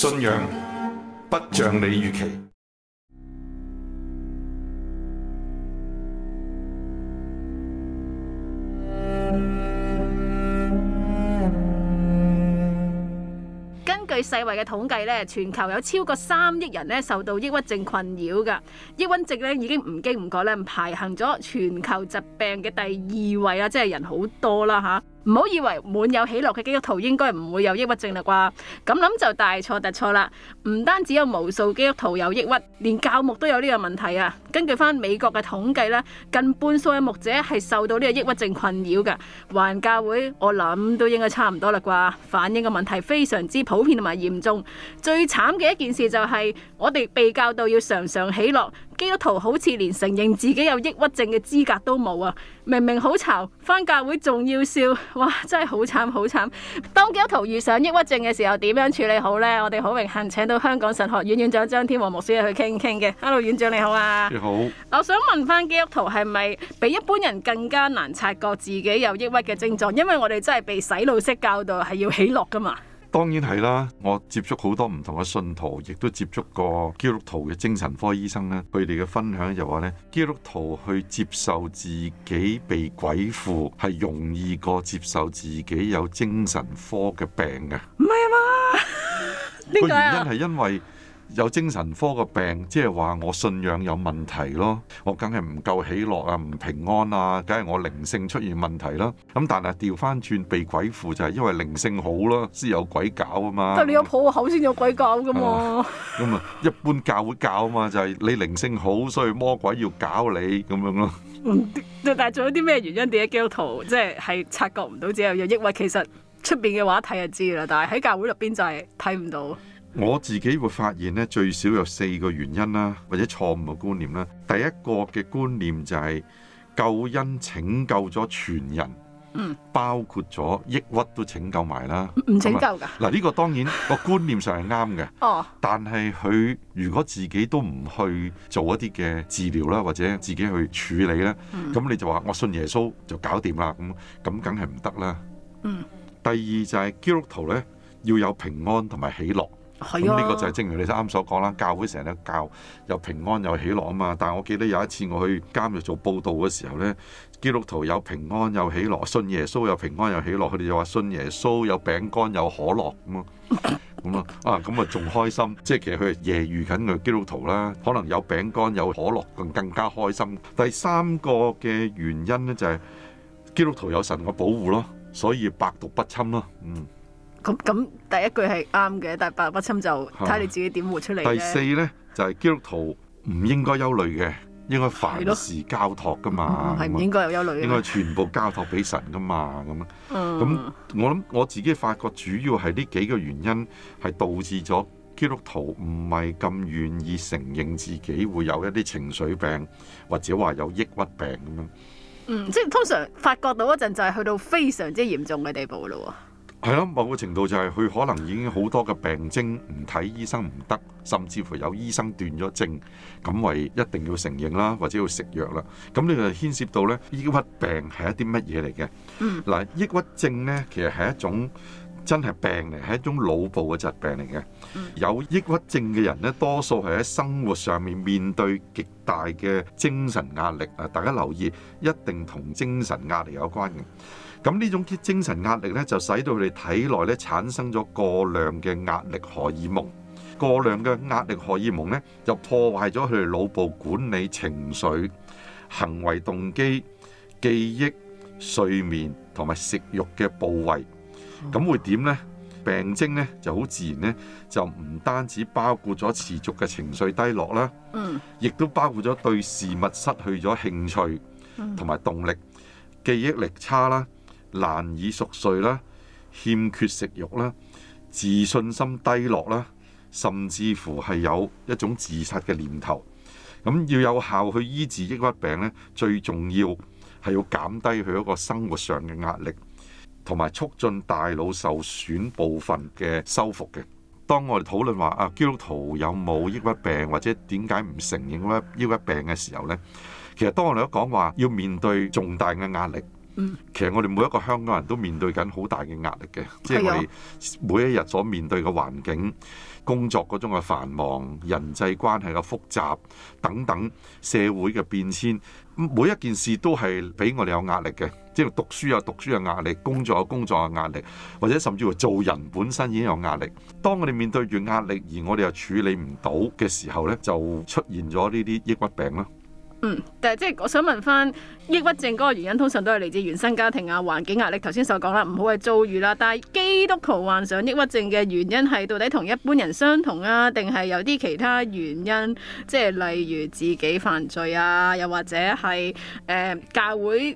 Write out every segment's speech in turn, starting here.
信仰不像你預期。根據世衛嘅統計咧，全球有超過三億人咧受到抑鬱症困擾噶，抑鬱症咧已經唔經唔覺咧，排行咗全球疾病嘅第二位啊，即係人好多啦嚇。唔好以為滿有喜樂嘅基督徒應該唔會有抑鬱症啦啩，咁諗就大錯特錯啦。唔單只有無數基督徒有抑鬱，連教牧都有呢個問題啊。根據翻美國嘅統計呢，近半數的牧者係受到呢個抑鬱症困擾噶。還教會我諗都應該差唔多啦啩，反映嘅問題非常之普遍同埋嚴重。最慘嘅一件事就係、是、我哋被教導要常常喜樂。基督徒好似連承認自己有抑鬱症嘅資格都冇啊！明明好愁，翻教會仲要笑，哇！真係好慘好慘。當基督徒遇上抑鬱症嘅時候，點樣處理好呢？我哋好榮幸請到香港神學院院長張天和牧師去傾一傾嘅。Hello，院長你好啊！你好。我想問翻基督徒係咪比一般人更加難察覺自己有抑鬱嘅症狀？因為我哋真係被洗腦式教導係要喜樂㗎嘛。當然係啦，我接觸好多唔同嘅信徒，亦都接觸過基督徒嘅精神科醫生咧。佢哋嘅分享就話咧，基督徒去接受自己被鬼附係容易過接受自己有精神科嘅病嘅。唔係啊嘛？個 原因係因為。有精神科嘅病，即係話我信仰有問題咯，我梗係唔夠喜樂啊，唔平安啊，梗係我靈性出現問題啦。咁但係調翻轉被鬼附就係、是、因為靈性好啦，先有鬼搞啊嘛。但係你有破口先有鬼搞噶嘛？咁啊，一般教會教啊嘛，就係、是、你靈性好，所以魔鬼要搞你咁樣咯。嗯，但係仲有啲咩原因點解基督徒即係係察覺唔到自己有抑鬱？其實出邊嘅話睇就知啦，但係喺教會入邊就係睇唔到。我自己會發現咧，最少有四個原因啦，或者錯誤嘅觀念啦。第一個嘅觀念就係、是、救恩拯救咗全人，嗯，包括咗抑鬱都拯救埋啦，唔拯救㗎。嗱，呢個當然個觀念上係啱嘅， 哦，但係佢如果自己都唔去做一啲嘅治療啦，或者自己去處理啦，咁、嗯、你就話我信耶穌就搞掂啦，咁咁梗係唔得啦。嗯。第二就係基督徒咧要有平安同埋喜樂。咁呢個就係正如你啱所講啦，教會成日教有平安有喜樂啊嘛！但係我記得有一次我去監獄做報道嘅時候呢，基督徒有平安有喜樂，信耶穌有平安有喜樂，佢哋就話信耶穌有餅乾有可樂咁啊，咁咯 啊咁啊仲開心！即係其實佢揶揄緊個基督徒啦，可能有餅乾有可樂更更加開心。第三個嘅原因呢、就係，就係基督徒有神嘅保護咯，所以百毒不侵咯。嗯。咁咁第一句係啱嘅，但係百不侵就睇你自己點活出嚟。第四咧就係、是、基督徒唔應該憂慮嘅，應該凡事交託噶嘛，係唔、嗯、應該有憂慮嘅，應該全部交託俾神噶嘛，咁樣。咁、嗯、我諗我自己發覺，主要係呢幾個原因係導致咗基督徒唔係咁願意承認自己會有一啲情緒病，或者話有抑鬱病咁樣。嗯，即係通常發覺到嗰陣就係去到非常之嚴重嘅地步咯。係咯，某個程度就係佢可能已經好多嘅病徵，唔睇醫生唔得，甚至乎有醫生斷咗症，咁為一定要承認啦，或者要食藥啦。咁你就牽涉到咧，抑鬱病係一啲乜嘢嚟嘅？嗱，抑鬱症咧，其實係一種真係病嚟，係一種腦部嘅疾病嚟嘅。有抑鬱症嘅人咧，多數係喺生活上面面對極大嘅精神壓力啊！大家留意，一定同精神壓力有關嘅。咁呢種啲精神壓力咧，就使到佢哋體內咧產生咗過量嘅壓力荷爾蒙，過量嘅壓力荷爾蒙咧，就破壞咗佢哋腦部管理情緒、行為動機、記憶、睡眠同埋食慾嘅部位。咁、嗯、會點呢？病徵咧就好自然咧，就唔單止包括咗持續嘅情緒低落啦，亦、嗯、都包括咗對事物失去咗興趣，同埋動力、記憶力差啦。難以熟睡啦，欠缺食欲啦，自信心低落啦，甚至乎係有一種自殺嘅念頭。咁要有效去醫治抑鬱病呢，最重要係要減低佢一個生活上嘅壓力，同埋促進大腦受損部分嘅修復嘅。當我哋討論話啊，基督徒有冇抑鬱病或者點解唔承認抑鬱病嘅時候呢，其實當我哋都講話要面對重大嘅壓力。嗯、其實我哋每一個香港人都面對緊好大嘅壓力嘅，即係我哋每一日所面對嘅環境、工作嗰種嘅繁忙、人際關係嘅複雜等等，社會嘅變遷，每一件事都係俾我哋有壓力嘅，即係讀書有讀書嘅壓力，工作有工作嘅壓力，或者甚至乎做人本身已經有壓力。當我哋面對住壓力而我哋又處理唔到嘅時候呢，就出現咗呢啲抑鬱病啦。嗯，但係即係我想問翻抑鬱症嗰個原因，通常都係嚟自原生家庭啊、環境壓力。頭先所講啦，唔好嘅遭遇啦。但係基督徒患上抑鬱症嘅原因係到底同一般人相同啊，定係有啲其他原因？即係例如自己犯罪啊，又或者係誒、呃、教會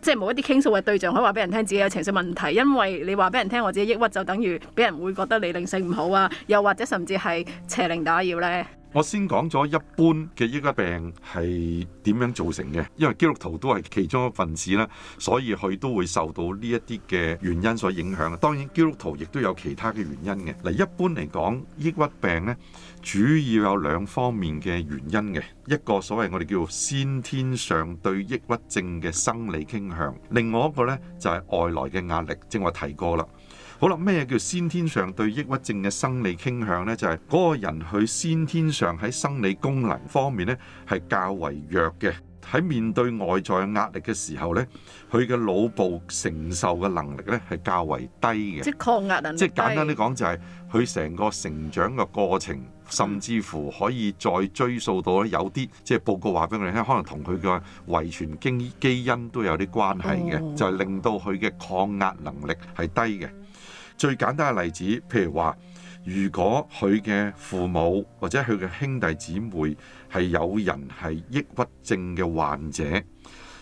即係冇一啲傾訴嘅對象可以話俾人聽自己有情緒問題，因為你話俾人聽我自己抑鬱，就等於俾人會覺得你靈性唔好啊，又或者甚至係邪靈打擾呢。我先講咗一般嘅抑鬱病係點樣造成嘅，因為基督徒都係其中一份子啦，所以佢都會受到呢一啲嘅原因所影響。當然基督徒亦都有其他嘅原因嘅。嗱，一般嚟講，抑鬱病呢主要有兩方面嘅原因嘅，一個所謂我哋叫做先天上對抑鬱症嘅生理傾向，另外一個呢，就係外來嘅壓力，正話提過啦。好啦，咩叫先天上對抑鬱症嘅生理傾向呢？就係嗰個人佢先天上喺生理功能方面呢，係較為弱嘅。喺面對外在嘅壓力嘅時候呢，佢嘅腦部承受嘅能力呢係較為低嘅。即係抗壓啊！即係簡單啲講，就係佢成個成長嘅過程，甚至乎可以再追溯到呢，有啲即係報告話俾我哋聽，可能同佢嘅遺傳基基因都有啲關係嘅，就係令到佢嘅抗壓能力係低嘅。最簡單嘅例子，譬如話，如果佢嘅父母或者佢嘅兄弟姊妹係有人係抑鬱症嘅患者，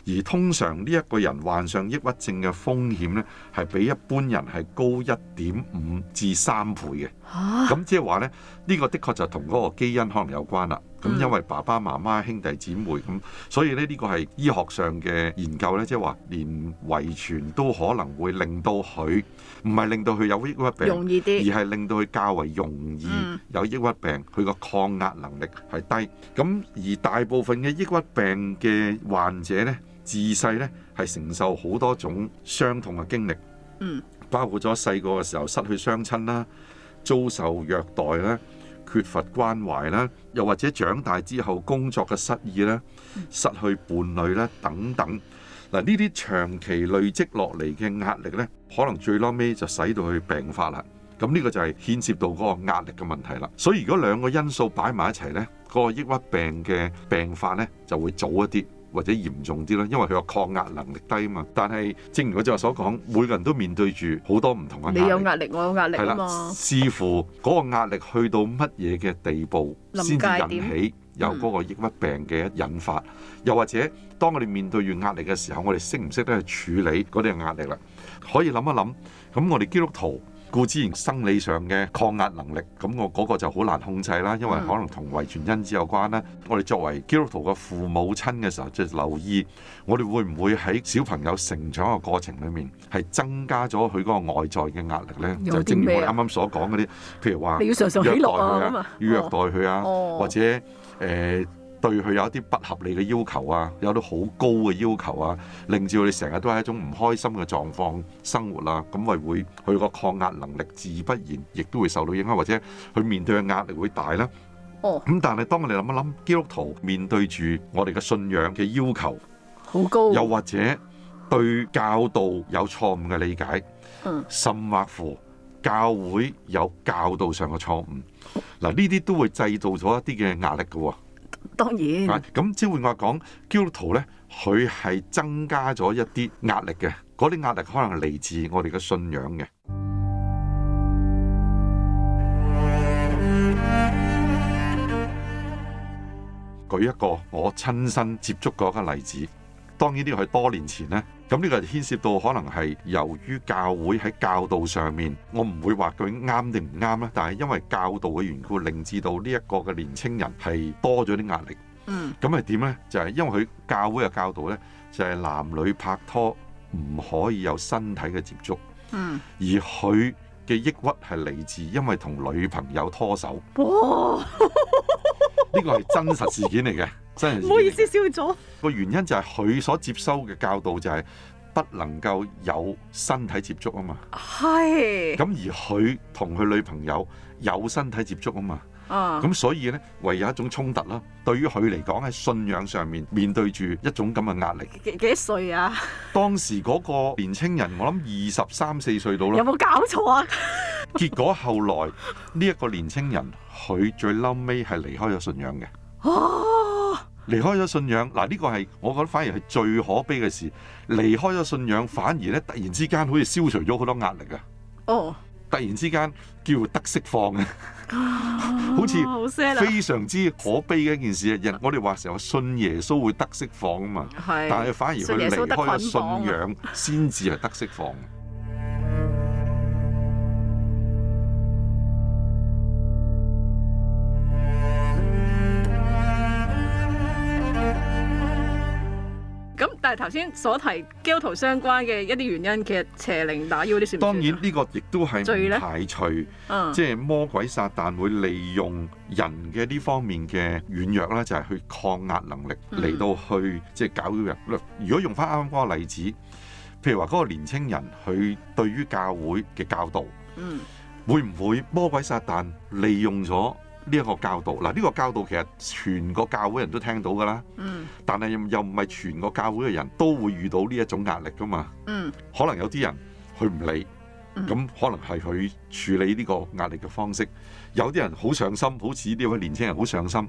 而通常呢一個人患上抑鬱症嘅風險呢，係比一般人係高一點五至三倍嘅。咁即係話呢，呢、呢個的確就同嗰個基因可能有關啦。咁、嗯、因為爸爸媽媽兄弟姊妹咁，所以呢，呢個係醫學上嘅研究呢，即係話連遺傳都可能會令到佢唔係令到佢有抑鬱病，容易啲、嗯、而係令到佢較為容易有抑鬱病。佢、嗯、個、嗯、抗壓能力係低。咁而大部分嘅抑鬱病嘅患者呢，自細呢係承受好多種傷痛嘅經歷，嗯嗯，包括咗細個嘅時候失去雙親啦。遭受虐待啦，缺乏關懷啦，又或者長大之後工作嘅失意啦，失去伴侶啦等等，嗱呢啲長期累積落嚟嘅壓力呢，可能最撈尾就使到佢病發啦。咁、這、呢個就係牽涉到嗰個壓力嘅問題啦。所以如果兩個因素擺埋一齊呢，嗰、那個抑鬱病嘅病發呢，就會早一啲。或者嚴重啲咯，因為佢個抗壓能力低啊嘛。但係正如我哋話所講，每個人都面對住好多唔同嘅壓力。你有壓力，我有壓力啊嘛。係啦，視乎嗰個壓力去到乜嘢嘅地步，先至引起有嗰個抑鬱病嘅引發、嗯。又或者當我哋面對住壓力嘅時候，我哋識唔識得去處理嗰啲壓力啦？可以諗一諗。咁我哋基督徒。故自然生理上嘅抗壓能力，咁我嗰個就好難控制啦，因為可能同遺傳因子有關啦、嗯。我哋作為基督徒嘅父母親嘅時候，即係留意我哋會唔會喺小朋友成長嘅過程裏面，係增加咗佢嗰個外在嘅壓力咧？就正如我啱啱所講嗰啲，譬如話你要常常喜樂啊，要虐待佢啊，或者誒。哦呃對佢有一啲不合理嘅要求啊，有啲好高嘅要求啊，令至我哋成日都係一種唔開心嘅狀況生活啊，咁咪會佢個抗壓能力自不然，亦都會受到影響，或者佢面對嘅壓力會大啦。哦，咁但係當我哋諗一諗，基督徒面對住我哋嘅信仰嘅要求好高，啊，又或者對教導有錯誤嘅理解，嗯、甚或乎教會有教導上嘅錯誤，嗱呢啲都會製造咗一啲嘅壓力嘅、哦。當然，咁換句話講，基督徒呢，佢係增加咗一啲壓力嘅。嗰啲壓力可能係嚟自我哋嘅信仰嘅。舉一個我親身接觸過嘅例子，當然呢個係多年前呢。咁呢個係牽涉到可能係由於教會喺教導上面，我唔會話佢啱定唔啱啦。但係因為教導嘅緣故，令至到呢一個嘅年青人係多咗啲壓力。嗯，咁係點呢？就係、是、因為佢教會嘅教導呢，就係、是、男女拍拖唔可以有身體嘅接觸。嗯，而佢嘅抑鬱係嚟自因為同女朋友拖手。哇！呢 個係真實事件嚟嘅。唔好意思，少咗。個原因就係佢所接收嘅教導就係不能夠有身體接觸啊嘛。係。咁而佢同佢女朋友有身體接觸啊嘛。啊。咁所以呢，唯有一種衝突啦。對於佢嚟講喺信仰上面面對住一種咁嘅壓力。幾幾多歲啊？當時嗰個年青人，我諗二十三四歲到啦。有冇搞錯啊？結果後來呢一個年青人，佢最嬲尾係離開咗信仰嘅。離開咗信仰，嗱、這、呢個係我覺得反而係最可悲嘅事。離開咗信仰，反而咧突然之間好似消除咗好多壓力啊！哦、oh.，突然之間叫得釋放嘅，好似非常之可悲嘅一件事啊！人我哋話成日信耶穌會得釋放啊嘛，oh. 但係反而佢離開咗信仰先至係得釋放。頭先所提基督徒相關嘅一啲原因，其實邪靈打擾啲事。當然呢個亦都係唔排除，即係、就是、魔鬼撒旦會利用人嘅呢方面嘅軟弱咧，就係、是、去抗壓能力嚟、嗯、到去即係、就是、搞到人。如果用翻啱啱嗰個例子，譬如話嗰個年青人佢對於教會嘅教導，嗯、會唔會魔鬼撒旦利用咗？呢、這、一個教導嗱，呢、這個教導其實全個教會人都聽到噶啦、嗯，但係又唔係全個教會嘅人都會遇到呢一種壓力噶嘛、嗯。可能有啲人佢唔理，咁、嗯、可能係佢處理呢個壓力嘅方式。有啲人好上心，好似呢位年輕人好上心，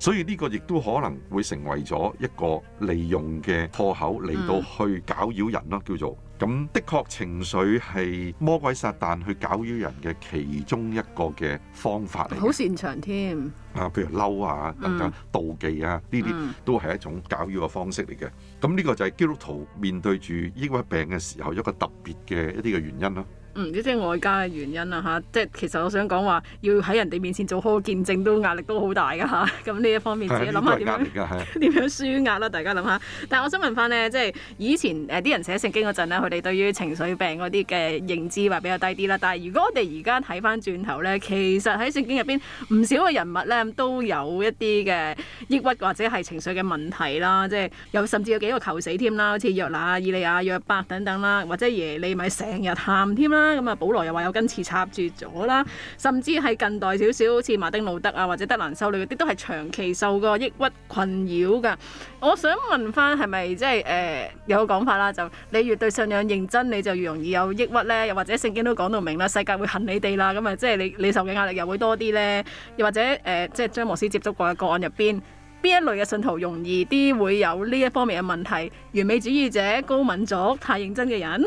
所以呢個亦都可能會成為咗一個利用嘅破口嚟到去搞擾人咯、嗯，叫做。咁的確情緒係魔鬼撒旦去搞擾人嘅其中一個嘅方法嚟，好擅長添。啊，譬如嬲啊，更加妒忌啊，呢、嗯、啲都係一種搞擾嘅方式嚟嘅。咁呢個就係基督徒面對住抑鬱病嘅時候一個特別嘅一啲嘅原因咯。唔知即係外加嘅原因啦吓，即係其實我想講話要喺人哋面前做好見證都壓力都好大噶吓，咁呢一方面自己諗下點樣點樣舒壓啦，大家諗下。但係我想問翻咧，即係以前誒啲人寫聖經嗰陣咧，佢哋對於情緒病嗰啲嘅認知話比較低啲啦。但係如果我哋而家睇翻轉頭咧，其實喺聖經入邊唔少嘅人物咧，都有一啲嘅抑鬱或者係情緒嘅問題啦。即係有甚至有幾個求死添啦，好似約拿、以利亞、約伯等等啦，或者耶利米成日喊添啦。咁啊，保羅又話有根刺插住咗啦，甚至係近代少少，好似馬丁路德啊，或者德蘭修女嗰啲，都係長期受過抑鬱困擾噶我想問翻、就是，係咪即係誒有個講法啦？就你越對信仰認真，你就越容易有抑鬱呢？又或者聖經都講到明啦，世界會恨你哋啦，咁啊，即係你你受嘅壓力又會多啲呢？又或者誒，即係張牧師接觸過嘅個案入邊，邊一類嘅信徒容易啲會有呢一方面嘅問題？完美主義者、高敏族、太認真嘅人？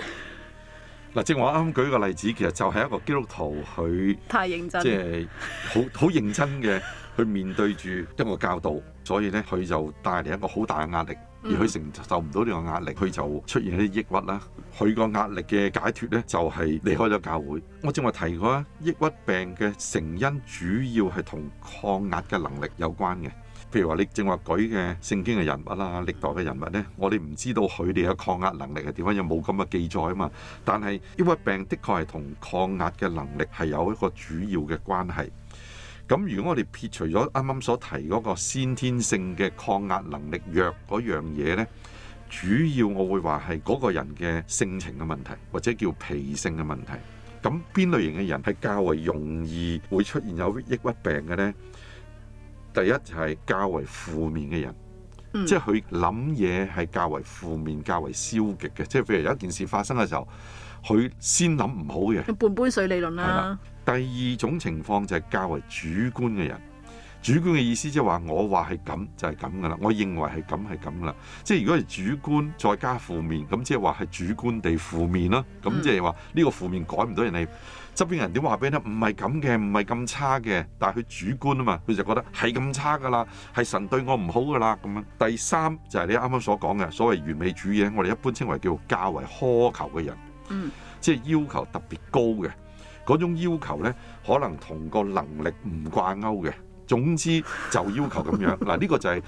嗱，正我啱啱舉個例子，其實就係一個基督徒，佢即係好好認真嘅、就是、去面對住一個教導，所以咧佢就帶嚟一個好大嘅壓力，而佢承受唔到呢個壓力，佢就出現一啲抑鬱啦。佢個壓力嘅解脫咧，就係離開咗教會。我正話提過啊，抑鬱病嘅成因主要係同抗壓嘅能力有關嘅。譬如話你正話舉嘅聖經嘅人物啦，歷代嘅人物呢，我哋唔知道佢哋嘅抗壓能力係點樣，又冇咁嘅記載啊嘛。但係抑鬱病的確係同抗壓嘅能力係有一個主要嘅關係。咁如果我哋撇除咗啱啱所提嗰個先天性嘅抗壓能力弱嗰樣嘢呢，主要我會話係嗰個人嘅性情嘅問題，或者叫脾性嘅問題。咁邊類型嘅人係較為容易會出現有抑鬱病嘅呢？第一就係較為負面嘅人，嗯、即係佢諗嘢係較為負面，較為消極嘅，即係譬如有一件事發生嘅時候，佢先諗唔好嘅。半杯水理論啦，啊。第二種情況就係較為主觀嘅人，主觀嘅意思即係話我話係咁就係咁噶啦，我認為係咁係咁噶啦。即係如果係主觀再加負面，咁即係話係主觀地負面啦。咁即係話呢個負面改唔到人哋。嗯嗯側邊人點話俾你聽？唔係咁嘅，唔係咁差嘅。但係佢主觀啊嘛，佢就覺得係咁差噶啦，係神對我唔好噶啦咁樣。第三就係、是、你啱啱所講嘅所謂完美主義，我哋一般稱為叫較為苛求嘅人，嗯、即係要求特別高嘅嗰種要求呢，可能同個能力唔掛鈎嘅。總之就要求咁樣嗱，呢 個就係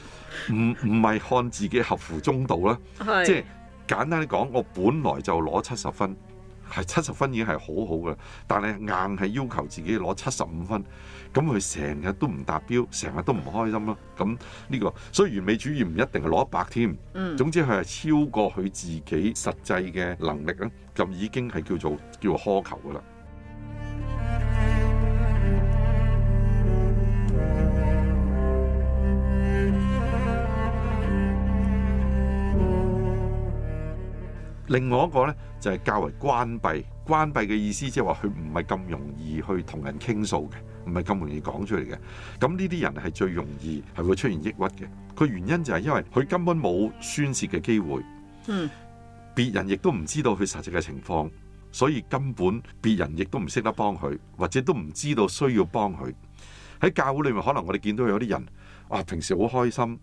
唔唔係看自己合乎中道啦。即係簡單啲講，我本來就攞七十分。係七十分已經係好好㗎，但係硬係要求自己攞七十五分，咁佢成日都唔達標，成日都唔開心咯。咁呢個，所以完美主義唔一定係攞一百添。嗯，總之佢係超過佢自己實際嘅能力咧，就已經係叫做叫做苛求噶啦。另外一個呢，就係較為關閉，關閉嘅意思，即係話佢唔係咁容易去同人傾訴嘅，唔係咁容易講出嚟嘅。咁呢啲人係最容易係會出現抑鬱嘅。佢原因就係因為佢根本冇宣泄嘅機會。嗯，別人亦都唔知道佢實際嘅情況，所以根本別人亦都唔識得幫佢，或者都唔知道需要幫佢。喺教會裏面，可能我哋見到有啲人，哇！平時好開心，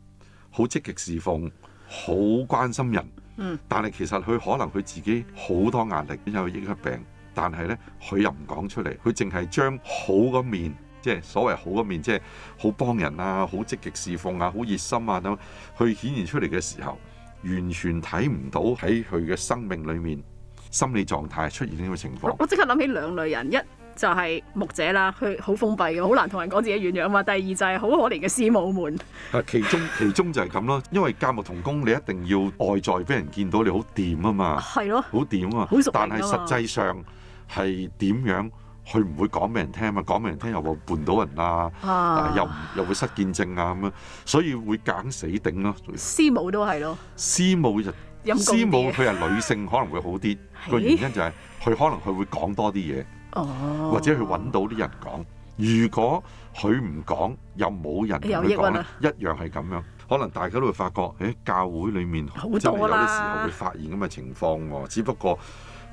好積極侍奉，好關心人。嗯，但係其實佢可能佢自己好多壓力，有抑鬱病，但係呢，佢又唔講出嚟，佢淨係將好嘅面，即係所謂好嘅面，即係好幫人啊，好積極侍奉啊，好熱心啊等，去顯現出嚟嘅時候，完全睇唔到喺佢嘅生命裏面心理狀態出現呢個情況。我即刻諗起兩類人一。就係牧者啦，佢好封閉嘅，好難同人講自己樣樣嘛。第二就係好可憐嘅師母們。啊，其中其中就係咁咯，因為鑑木同工，你一定要外在俾人見到你好掂啊嘛。係咯，好掂啊。但係實際上係點樣？佢唔會講俾人聽啊，講俾人聽又話絆到人啊，又又會失見證啊咁樣，所以會揀死頂咯。師母都係咯。師母就師母，佢係女性，可能會好啲。個原因就係佢可能佢會講多啲嘢。或者去揾到啲人講，如果佢唔講，又冇人同佢講一樣係咁樣，可能大家都會發覺、欸，誒教會裏面就係有啲時候會發現咁嘅情況喎。只不過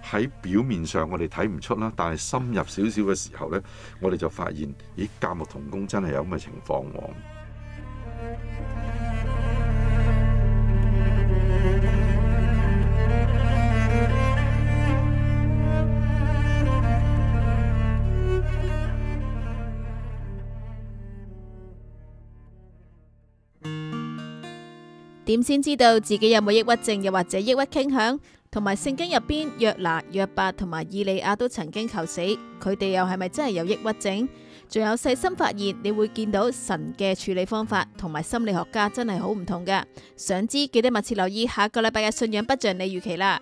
喺表面上我哋睇唔出啦，但係深入少少嘅時候呢，我哋就發現，咦，教牧同工真係有咁嘅情況喎。點先知道自己有冇抑鬱症，又或者抑鬱傾向？同埋聖經入邊約拿、約伯同埋以利亞都曾經求死，佢哋又係咪真係有抑鬱症？仲有細心發現，你會見到神嘅處理方法同埋心理學家真係好唔同㗎。想知記得密切留意下個禮拜嘅信仰不像你預期啦。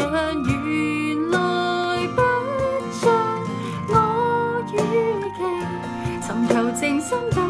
原來不像我預期，尋求靜心。